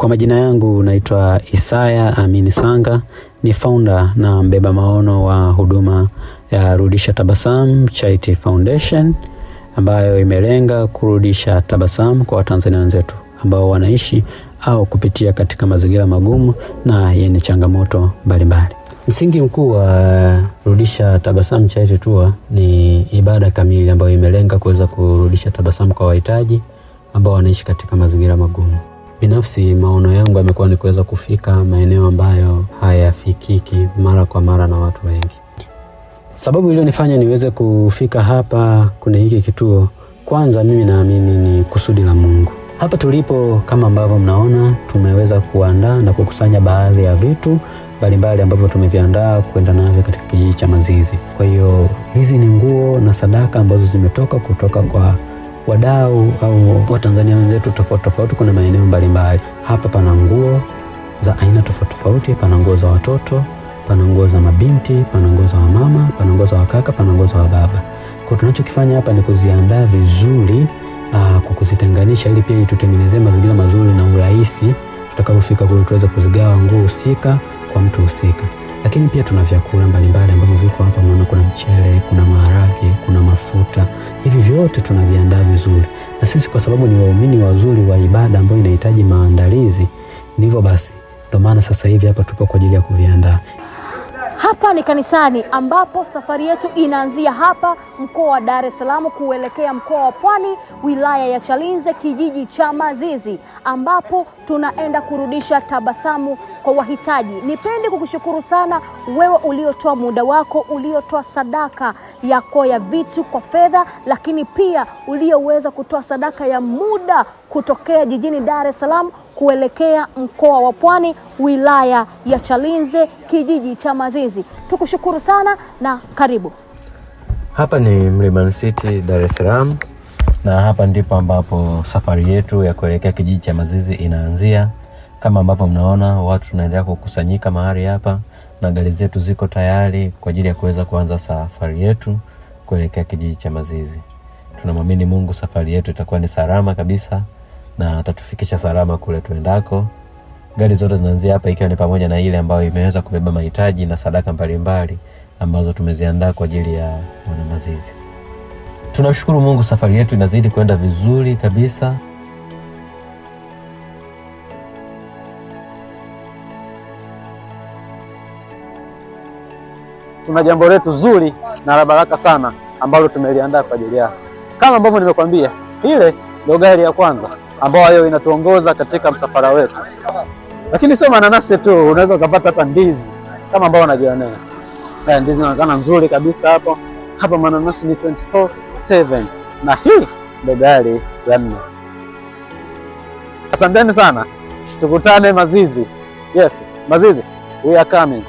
Kwa majina yangu naitwa Isaya Amini Sanga, ni founder na mbeba maono wa huduma ya Rudisha Tabasamu Charity Foundation ambayo imelenga kurudisha tabasamu kwa Watanzania wenzetu ambao wanaishi au kupitia katika mazingira magumu na yenye changamoto mbalimbali. Msingi mkuu wa Rudisha Tabasamu Charity Tour ni ibada kamili ambayo imelenga kuweza kurudisha tabasamu kwa wahitaji ambao wanaishi katika mazingira magumu. Binafsi maono yangu yamekuwa ni kuweza kufika maeneo ambayo hayafikiki mara kwa mara na watu wengi. Sababu iliyonifanya niweze kufika hapa kuna hiki kituo, kwanza mimi naamini ni kusudi la Mungu. Hapa tulipo, kama ambavyo mnaona, tumeweza kuandaa na kukusanya baadhi ya vitu mbalimbali ambavyo tumeviandaa kwenda navyo katika kijiji cha Mazizi. Kwa hiyo hizi ni nguo na sadaka ambazo zimetoka kutoka kwa wadau au Watanzania wenzetu tofauti tofauti. Kuna maeneo mbalimbali hapa, pana nguo za aina tofauti tofauti, pana nguo za watoto, pana nguo za mabinti, pana nguo za wamama, pana nguo za wakaka, pana nguo za wababa. Kwa tunachokifanya hapa ni kuziandaa vizuri ah, kwa kuzitenganisha, ili pia itutengenezee mazingira mazuri na urahisi tutakapofika kule tuweze kuzigawa nguo husika kwa mtu husika. Lakini pia tuna vyakula mbalimbali ambavyo viko hapa, maana kuna mchele, kuna maharage, kuna mafuta. Hivi vyote tunaviandaa vizuri, na sisi kwa sababu ni waumini wazuri wa ibada ambayo inahitaji maandalizi, ndivyo basi, ndio maana sasa hivi hapa tupo kwa ajili ya kuviandaa. Hapa ni kanisani ambapo safari yetu inaanzia hapa mkoa wa Dar es Salaam kuelekea mkoa wa Pwani, wilaya ya Chalinze, kijiji cha Mazizi ambapo tunaenda kurudisha tabasamu kwa wahitaji. Nipende kukushukuru sana wewe uliotoa muda wako, uliotoa sadaka yako ya vitu kwa fedha, lakini pia ulioweza kutoa sadaka ya muda kutokea jijini Dar es Salaam kuelekea mkoa wa Pwani, wilaya ya Chalinze, kijiji cha Mazizi. Tukushukuru sana na karibu. Hapa ni Mlimani City, Dar es Salaam na hapa ndipo ambapo safari yetu ya kuelekea kijiji cha Mazizi inaanzia. Kama ambavyo mnaona, watu tunaendelea kukusanyika mahali hapa na gari zetu ziko tayari kwa ajili ya kuweza kuanza safari yetu kuelekea kijiji cha Mazizi. Tunamwamini Mungu, safari yetu itakuwa ni salama kabisa na atatufikisha salama kule tuendako. Gari zote zinaanzia hapa, ikiwa ni pamoja na ile ambayo imeweza kubeba mahitaji na sadaka mbalimbali ambazo tumeziandaa kwa ajili ya mwana Mazizi. Tunamshukuru Mungu, safari yetu inazidi kwenda vizuri kabisa. Tuna jambo letu zuri na la baraka sana ambalo tumeliandaa kwa ajili yako. Kama ambavyo nimekwambia, ile ndio gari ya kwanza ambayo inatuongoza katika msafara wetu, lakini sio mananasi tu, unaweza ukapata hata ndizi kama ambao wanajionea. Eh, ndizi inaonekana nzuri kabisa hapo hapa, mananasi ni 24 7 na hii ndo gari ya nne. Asanteni sana, tukutane Mazizi. Yes, Mazizi, we are coming.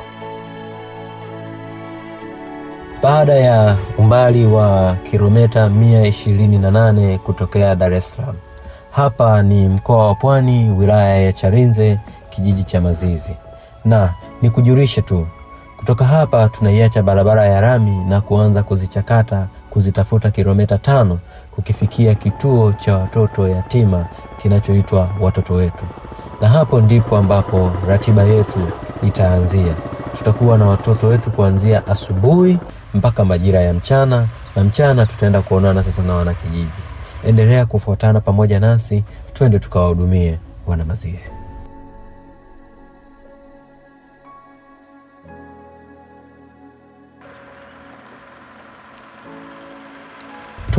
Baada ya umbali wa kilomita 128 kutokea Dar es Salaam, hapa ni mkoa wa Pwani, wilaya ya Chalinze, kijiji cha Mazizi. Na nikujulishe tu, kutoka hapa tunaiacha barabara ya rami na kuanza kuzichakata kuzitafuta kilomita tano kukifikia kituo cha watoto yatima kinachoitwa Watoto Wetu, na hapo ndipo ambapo ratiba yetu itaanzia. Tutakuwa na watoto wetu kuanzia asubuhi mpaka majira ya mchana, na mchana tutaenda kuonana sasa na wanakijiji. Endelea kufuatana pamoja nasi, twende tukawahudumie wana Mazizi.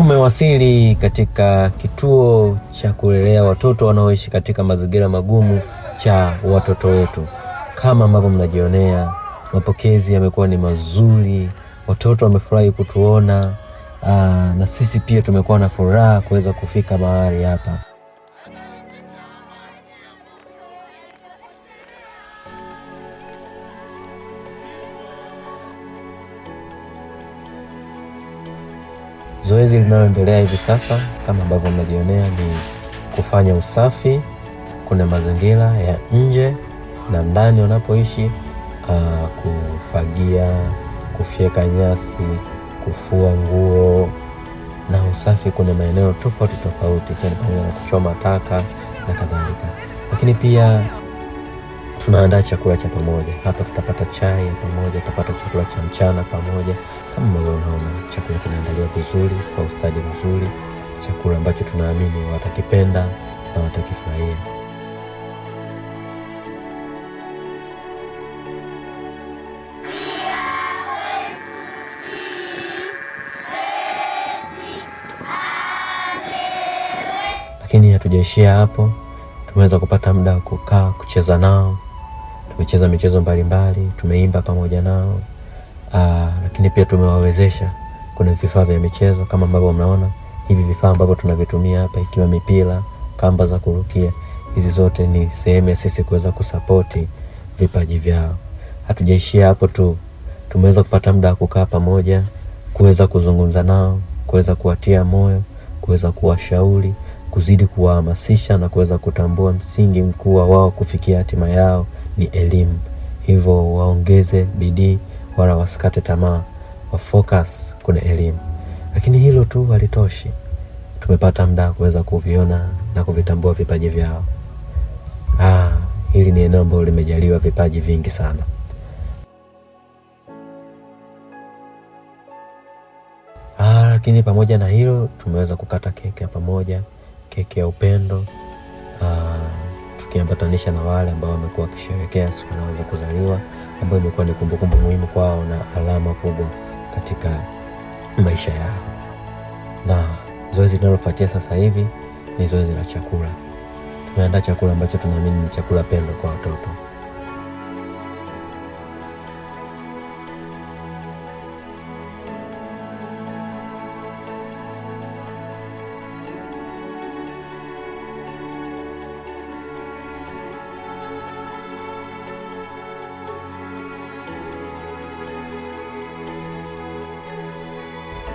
Tumewasili katika kituo cha kulelea watoto wanaoishi katika mazingira magumu cha watoto wetu. Kama ambavyo mnajionea, mapokezi yamekuwa ni mazuri, watoto wamefurahi kutuona. Aa, na sisi pia tumekuwa na furaha kuweza kufika mahali hapa. Zoezi linaloendelea hivi sasa kama ambavyo mnajionea ni kufanya usafi, kuna mazingira ya nje na ndani wanapoishi, uh, ah, kufagia, kufyeka nyasi, kufua nguo na usafi. Kuna maeneo tofauti tofauti, ikiwa ni pamoja na kuchoma taka na kadhalika, lakini pia tunaandaa chakula cha pamoja hapa. Tutapata chai ya pamoja, tutapata chakula cha mchana pamoja. Kama mnavyoona, chakula kinaandaliwa vizuri kwa ustadi mzuri, chakula ambacho tunaamini watakipenda na watakifurahia. Lakini hatujaishia hapo, tumeweza kupata muda wa kukaa kucheza nao tumecheza michezo mbalimbali, tumeimba pamoja nao aa, ah, lakini pia tumewawezesha. Kuna vifaa vya michezo kama ambavyo mnaona hivi vifaa ambavyo tunavitumia hapa, ikiwa mipira, kamba za kurukia, hizi zote ni sehemu ya sisi kuweza kusapoti vipaji vyao. Hatujaishia hapo tu, tumeweza kupata muda wa kukaa pamoja, kuweza kuzungumza nao, kuweza kuwatia moyo, kuweza kuwashauri, kuzidi kuwahamasisha na kuweza kutambua msingi mkuu wa wao kufikia hatima yao ni elimu. Hivyo waongeze bidii, wala wasikate tamaa, focus kuna elimu. Lakini hilo tu halitoshi. Tumepata muda kuweza kuviona na kuvitambua vipaji vyao. Ah, hili ni eneo ambalo limejaliwa vipaji vingi sana. Ah, lakini pamoja na hilo tumeweza kukata keki ya pamoja, keki ya upendo ah, ukiambatanisha na wale ambao wamekuwa wakisherekea siku yao ya kuzaliwa ambayo imekuwa ni kumbukumbu muhimu kwao na alama kubwa katika maisha yao. Na zoezi linalofuatia sasa hivi ni zoezi la chakula. Tumeandaa chakula ambacho tunaamini ni chakula pendwa kwa watoto.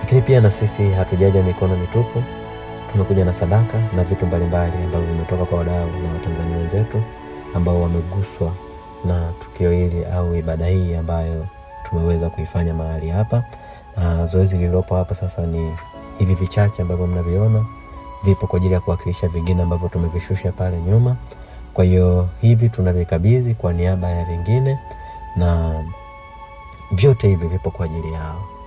Lakini pia na sisi hatujaja mikono mitupu, tumekuja na sadaka na vitu mbalimbali ambavyo vimetoka kwa wadau na Watanzania wenzetu ambao wameguswa na tukio hili au ibada hii ambayo tumeweza kuifanya mahali hapa, na zoezi lililopo hapa sasa ni hivi vichache ambavyo mnaviona vipo kwa ajili ya kuwakilisha vingine ambavyo tumevishusha pale nyuma. Kwa hiyo hivi tunavikabidhi kwa niaba ya vingine, na vyote hivi vipo kwa ajili yao.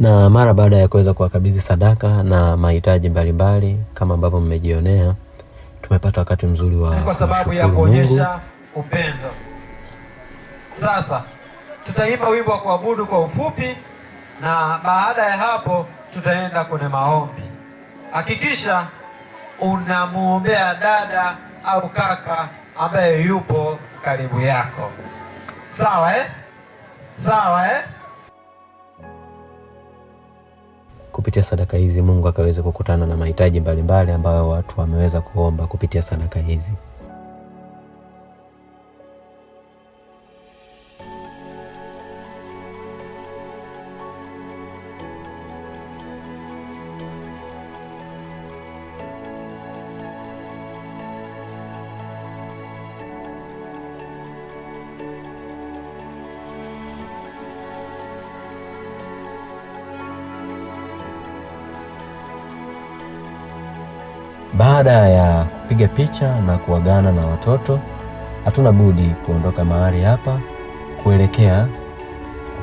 na mara baada ya kuweza kuwakabidhi sadaka na mahitaji mbalimbali kama ambavyo mmejionea, tumepata wakati mzuri wa kwa sababu ya kuonyesha upendo. Sasa tutaimba wimbo wa kuabudu kwa ufupi, na baada ya hapo tutaenda kwenye maombi. Hakikisha unamwombea dada au kaka ambaye yupo karibu yako, sawa eh? Sawa eh? kupitia sadaka hizi Mungu akaweze kukutana na mahitaji mbalimbali ambayo watu wameweza kuomba kupitia sadaka hizi. Baada ya kupiga picha na kuagana na watoto, hatuna budi kuondoka mahali hapa kuelekea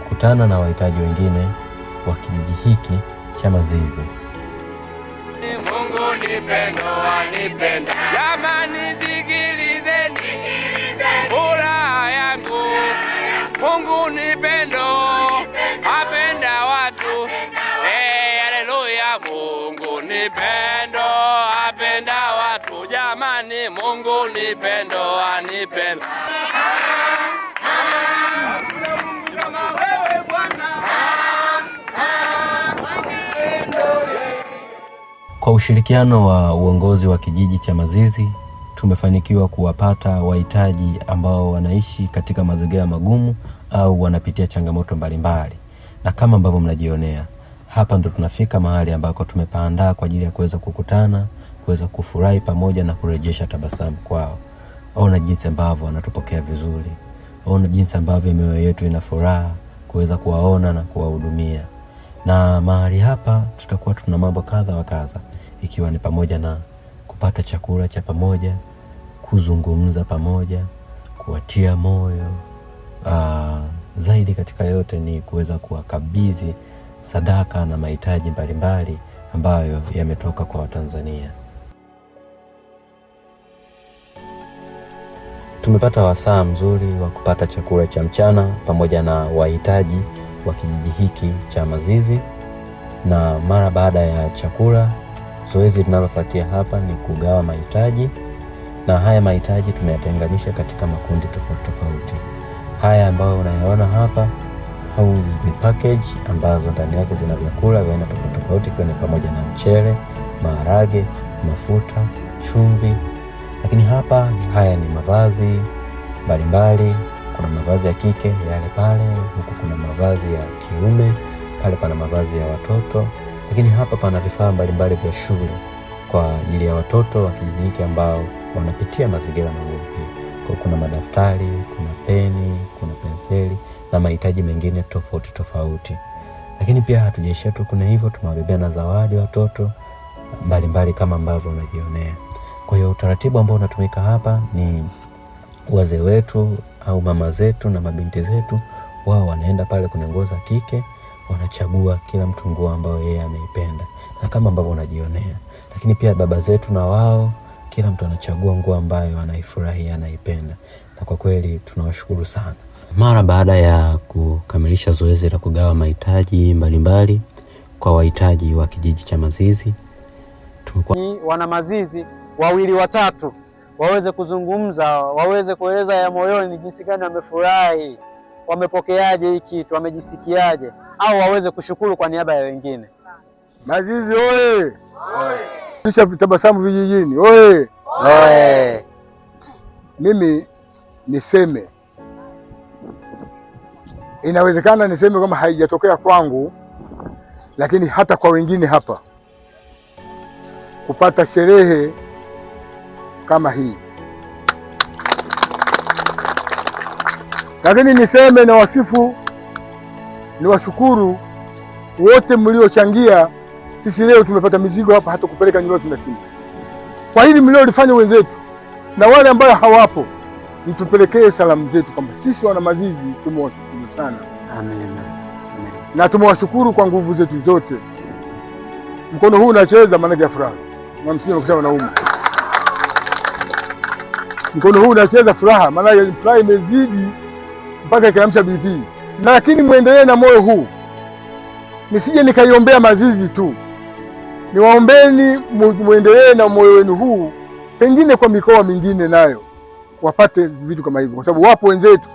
kukutana na wahitaji wengine wa kijiji hiki cha Mazizi. Mungu ni anipenda. Jamani, sikilizeni, furaha yangu. Mungu Mungu ni pendo, anipenda Kwa ushirikiano wa uongozi wa kijiji cha Mazizi tumefanikiwa kuwapata wahitaji ambao wanaishi katika mazingira magumu au wanapitia changamoto mbalimbali, na kama ambavyo mnajionea hapa, ndo tunafika mahali ambako tumepaandaa kwa ajili ya kuweza kukutana kuweza kufurahi pamoja na kurejesha tabasamu kwao. Ona jinsi ambavyo wanatupokea vizuri, ona jinsi ambavyo mioyo yetu ina furaha kuweza kuwaona na kuwahudumia. Na mahali hapa tutakuwa tuna mambo kadha wa kadha, ikiwa ni pamoja na kupata chakula cha pamoja, kuzungumza pamoja, kuwatia moyo. Aa, ah, zaidi katika yote ni kuweza kuwakabidhi sadaka na mahitaji mbalimbali ambayo yametoka kwa Watanzania. Tumepata wasaa mzuri wa kupata chakula cha mchana pamoja na wahitaji wa kijiji hiki cha Mazizi, na mara baada ya chakula, zoezi linalofuatia hapa ni kugawa mahitaji, na haya mahitaji tumeyatenganisha katika makundi tofauti tofauti. Haya ambayo unayaona hapa au ni package ambazo ndani yake zina vyakula vya aina tofauti tofauti, ikiwa ni pamoja na mchele, maharage, mafuta, chumvi lakini hapa haya ni mavazi mbalimbali, kuna mavazi ya kike yale pale, huku kuna mavazi ya kiume pale, pana mavazi ya watoto, lakini hapa pana vifaa mbalimbali vya shule kwa ajili ya watoto wa kijiji hiki ambao wanapitia mazingira magumu pia. Kwa kuna madaftari, kuna peni, kuna penseli na mahitaji mengine tofauti tofauti. Lakini pia hatujaishia tu kuna hivyo, tumewabebea na zawadi watoto mbalimbali kama ambavyo unajionea. Kwa hiyo utaratibu ambao unatumika hapa ni wazee wetu au mama zetu na mabinti zetu, wao wanaenda pale, kwenye nguo za kike, wanachagua kila mtu nguo ambayo yeye ameipenda na kama ambavyo unajionea. Lakini pia baba zetu na wao, kila mtu anachagua nguo ambayo anaifurahia, anaipenda, na kwa kweli tunawashukuru sana. Mara baada ya kukamilisha zoezi la kugawa mahitaji mbalimbali kwa wahitaji wa kijiji cha Mazizi, tumekuwa wana Mazizi wawili watatu waweze kuzungumza, waweze kueleza ya moyoni ni jinsi gani wamefurahi, wamepokeaje hii kitu, wamejisikiaje, au waweze kushukuru kwa niaba ya wengine. Mazizi oye! Kisha tabasamu vijijini oye! Mimi niseme inawezekana, niseme kama haijatokea kwangu, lakini hata kwa wengine hapa kupata sherehe kama hii. Lakini niseme na wasifu, ni washukuru wote mliochangia. Sisi leo tumepata mizigo hapa, hata kupeleka nyumbani tunashinda. Kwa hili mliolifanya wenzetu na wale ambayo hawapo, nitupelekee salamu zetu kwamba sisi wana Mazizi tumewashukuru sana. Amen. na tumewashukuru kwa nguvu zetu zote. Mkono huu unacheza maanake ya furaha, namsii na wanaume mkono huu unacheza furaha, maana furaha imezidi mpaka ikaamsha BP. Lakini mwendelee na moyo huu, nisije nikaiombea mazizi tu, niwaombeni mwendelee na moyo wenu huu, pengine kwa mikoa mingine nayo wapate vitu kama hivyo, kwa sababu wapo wenzetu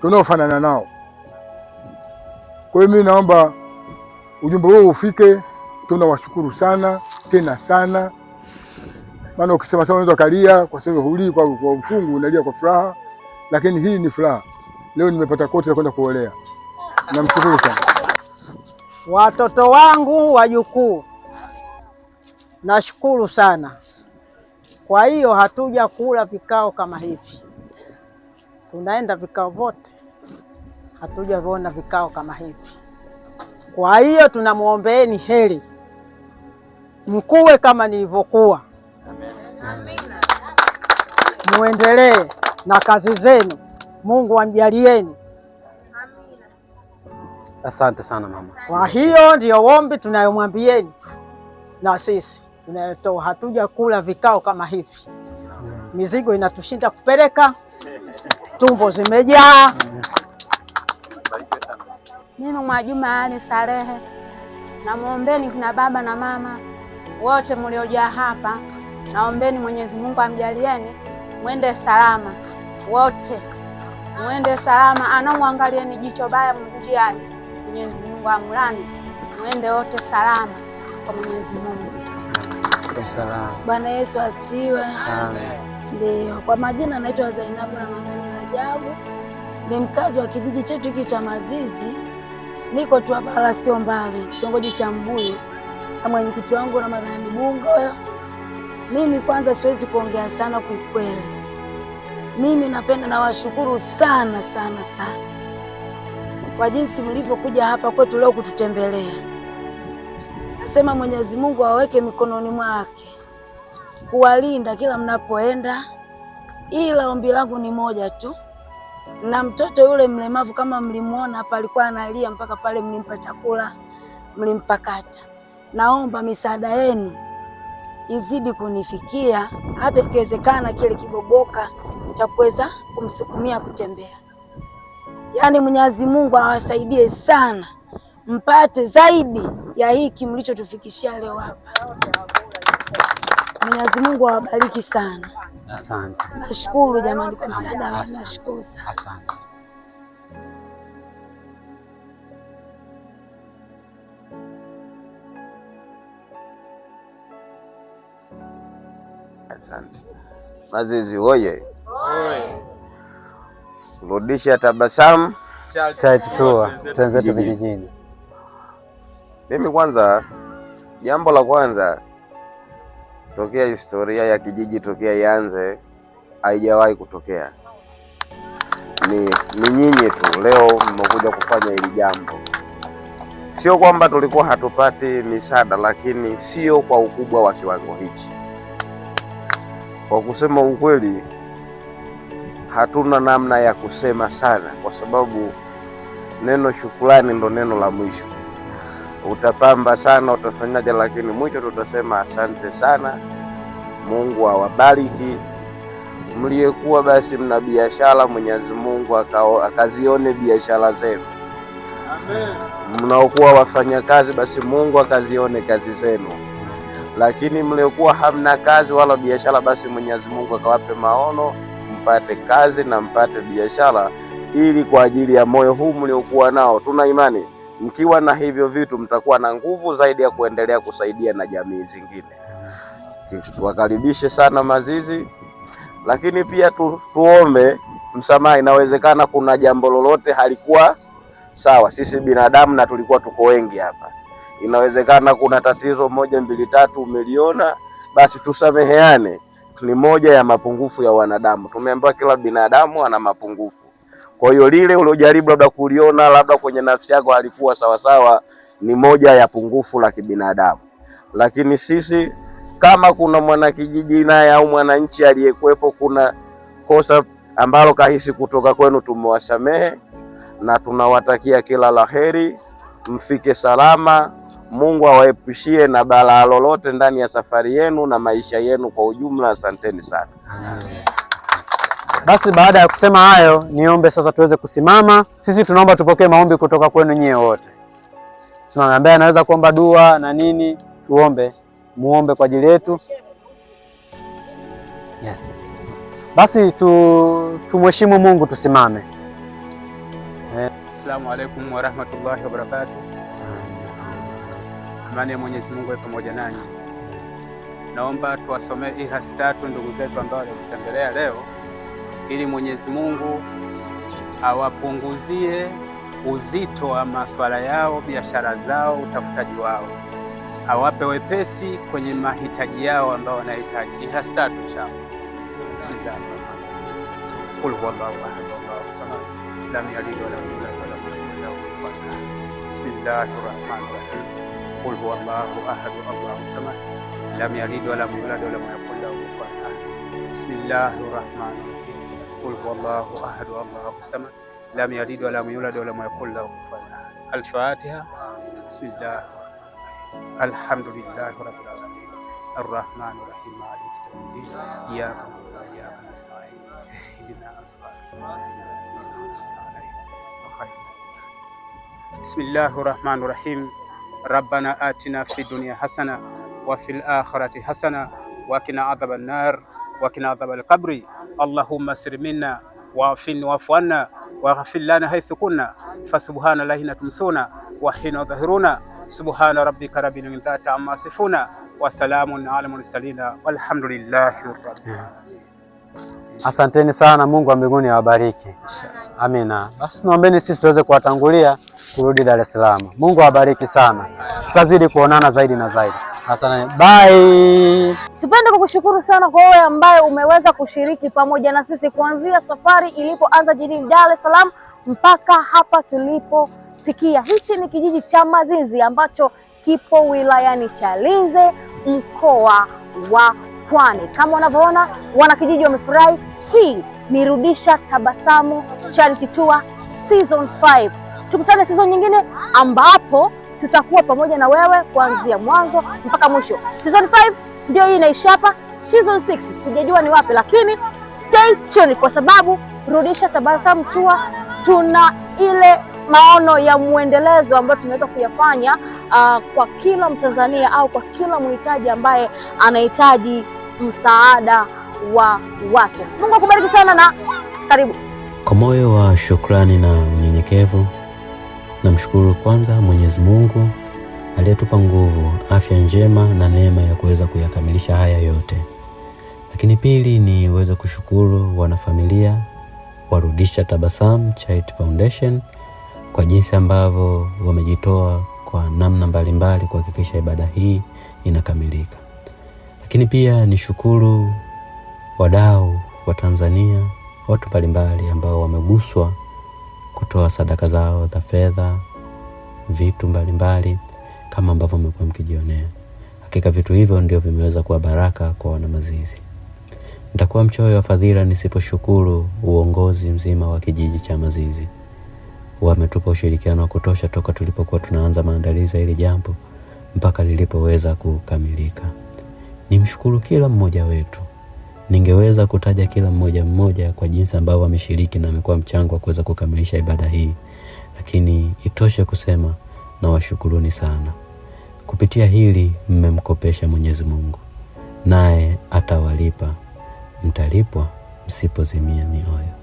tunaofanana nao. Kwa hiyo mimi naomba ujumbe huu ufike. Tunawashukuru sana tena sana maana ukisema sasa unaweza kalia kwa sababu huli kwa kwa uchungu, unalia kwa furaha, lakini hii ni furaha. Leo nimepata koti la kwenda kuolea. Namshukuru sana watoto wangu wajukuu, nashukuru sana. Kwa hiyo hatuja kula vikao kama hivi, tunaenda vikao vote, hatujaviona vikao kama hivi. Kwa hiyo tunamwombeeni heri, mkuwe kama nilivyokuwa. Muendelee na kazi zenu, Mungu amjalieni. Asante sana mama. Kwa hiyo ndiyo ombi tunayomwambieni na sisi tunayotoa, hatuja kula vikao kama hivi. Mizigo inatushinda kupeleka, tumbo zimejaa. Mimi Mwajuma Ali Salehe, namwombeni kina baba na mama wote mliojaa hapa Naombeni Mwenyezi Mungu amjalieni mwende salama wote, mwende salama. anamwangalieni jicho baya mjiani, Mwenyezi Mungu amlani, mwende wote salama kwa Mwenyezi Mungu. Bwana Yesu asifiwe. Ndio, kwa majina naitwa Zainabu Ramadhani Rajabu, ni mkazi wa kijiji chetu hiki cha Mazizi, niko tu hapa, sio mbali, kitongoji cha Mbuyu, na mwenyekiti wangu Ramadhani Bungo mimi kwanza siwezi kuongea sana kiukweli. Mimi napenda nawashukuru sana sana sana kwa jinsi mlivyokuja hapa kwetu leo kututembelea. Nasema Mwenyezi Mungu awaweke mikononi mwake kuwalinda kila mnapoenda, ila ombi langu ni moja tu, na mtoto yule mlemavu kama mlimwona hapa, alikuwa analia mpaka pale mlimpa chakula, mlimpa kata. Naomba misaada yenu izidi kunifikia, hata ikiwezekana kile kiboboka cha kuweza kumsukumia kutembea. Yaani Mwenyezi Mungu awasaidie sana, mpate zaidi ya hiki mlichotufikishia leo hapa. Mwenyezi Mungu awabariki sana. Asante. Nashukuru jamani kwa msaada, nashukuru sana. Asante. Asante. Mazizi woye, rudisha tabasamu chachitua tenzetu vijijini. Mimi kwanza, jambo la kwanza, tokea historia ya kijiji tokea ianze haijawahi kutokea, ni ni nyinyi tu leo mmekuja kufanya hili jambo. Sio kwamba tulikuwa hatupati misaada, lakini sio kwa ukubwa wa kiwango hichi. Kwa kusema ukweli, hatuna namna ya kusema sana, kwa sababu neno shukrani ndo neno la mwisho. Utapamba sana, utafanyaje, lakini mwisho tutasema asante sana, Mungu awabariki mliyekuwa basi mna biashara, Mwenyezi Mungu akazione biashara zenu. Mnaokuwa wafanyakazi, basi Mungu akazione kazi zenu lakini mliokuwa hamna kazi wala biashara, basi Mwenyezi Mungu akawape maono mpate kazi na mpate biashara, ili kwa ajili ya moyo huu mliokuwa nao, tuna imani mkiwa na hivyo vitu mtakuwa na nguvu zaidi ya kuendelea kusaidia na jamii zingine. tuwakaribishe sana Mazizi, lakini pia tu, tuombe msamaha. Inawezekana kuna jambo lolote halikuwa sawa, sisi binadamu na tulikuwa tuko wengi hapa Inawezekana kuna tatizo moja mbili tatu umeliona, basi tusameheane. Ni moja ya mapungufu ya wanadamu. Tumeambiwa kila binadamu ana mapungufu. Kwa hiyo lile uliojaribu labda kuliona labda kwenye nafsi yako halikuwa sawasawa, ni moja ya pungufu la kibinadamu. Lakini sisi kama kuna mwanakijiji naye au mwananchi aliyekuwepo, kuna kosa ambalo kahisi kutoka kwenu, tumewasamehe na tunawatakia kila laheri, mfike salama. Mungu awaepushie na balaa lolote ndani ya safari yenu na maisha yenu kwa ujumla. Asanteni sana. Amen. Basi baada ya kusema hayo, niombe sasa tuweze kusimama. Sisi tunaomba tupokee maombi kutoka kwenu nyie wote. Simama ambaye anaweza kuomba dua na nini, tuombe, muombe kwa ajili yetu. Yes. Basi tu tumheshimu Mungu, tusimame. Assalamu rahmatullahi wa barakatuh. Amani ya Mwenyezi Mungu pamoja nanyi. Naomba tuwasomee hii tatu ndugu zetu ambao walikutembelea leo, ili Mwenyezi Mungu awapunguzie uzito wa masuala yao, biashara zao, utafutaji wao, awape wepesi kwenye mahitaji yao ambao wanahitaji. Hii hasi tatu cha Bismillahirrahmanirrahim Qul huwa ahad, Allahu samad, lam yalid wa yulad wa yakul lahu kufuwan ahad. Bismillahir rahmanir rahim. Qul huwa ahad, Allahu samad, lam yalid wa yulad wa yakul lahu kufuwan ahad. Al-Fatiha. Bismillah. Alhamdulillahi rabbil alamin. Arrahmanir rahim. Maliki yawmiddin. Iyyaka na'budu wa iyyaka siratal mustaqim. Bismillahir rahmanir rahim. ربنا آتنا في الدنيا حسنة وفي الآخرة حسنة وكنا عذاب النار وكنا عذاب القبر اللهم استر منا وعفن واعف عنا واغفر لنا حيث كنا فسبحان الله حين تمسونا وحين تظهرونا سبحان ربك رب العزة عما يصفون وسلام على المرسلين والحمد لله رب العالمين Asanteni sana, Mungu wa mbinguni awabariki. Amina. Basi naombeni sisi tuweze kuwatangulia kurudi Dar es Salaam. Mungu awabariki sana, tutazidi kuonana zaidi na zaidi. Asante. Bye. Tupende kukushukuru sana kwa wewe ambaye umeweza kushiriki pamoja na sisi kuanzia safari ilipoanza jijini Dar es Salaam mpaka hapa tulipofikia. Hichi ni kijiji cha Mazinzi ambacho kipo wilayani Chalinze mkoa wa Pwani. Kama unavyoona wanakijiji wamefurahi. Hii ni Rudisha Tabasamu Charity Tour Season 5. Tukutane season nyingine ambapo tutakuwa pamoja na wewe kuanzia mwanzo mpaka mwisho. Season 5 ndio hii inaisha hapa. Season 6 sijajua ni wapi, lakini stay tuned kwa sababu Rudisha Tabasamu Tour tuna ile maono ya mwendelezo ambayo tunaweza kuyafanya uh, kwa kila Mtanzania au kwa kila mhitaji ambaye anahitaji msaada wa watu. Mungu akubariki sana na karibu. Kwa moyo wa shukrani na unyenyekevu, namshukuru kwanza Mwenyezi Mungu aliyetupa nguvu, afya njema na neema ya kuweza kuyakamilisha haya yote. Lakini pili, niweze kushukuru wanafamilia warudisha tabasamu Child Foundation kwa jinsi ambavyo wamejitoa kwa namna mbalimbali kuhakikisha ibada hii inakamilika lakini pia ni shukuru wadau wa Tanzania, watu mbalimbali ambao wameguswa kutoa sadaka zao za fedha, vitu mbalimbali kama ambavyo mmekuwa mkijionea. Hakika vitu hivyo ndio vimeweza kuwa baraka kwa wanamazizi. Nitakuwa mchoyo wa fadhila nisiposhukuru uongozi mzima wa kijiji cha Mazizi. Wametupa ushirikiano wa kutosha toka tulipokuwa tunaanza maandalizi ya hili jambo mpaka lilipoweza kukamilika. Nimshukuru kila mmoja wetu. Ningeweza kutaja kila mmoja mmoja kwa jinsi ambavyo ameshiriki na amekuwa mchango wa kuweza kukamilisha ibada hii, lakini itoshe kusema na washukuruni sana. Kupitia hili mmemkopesha Mwenyezi Mungu, naye atawalipa. Mtalipwa msipozimia mioyo.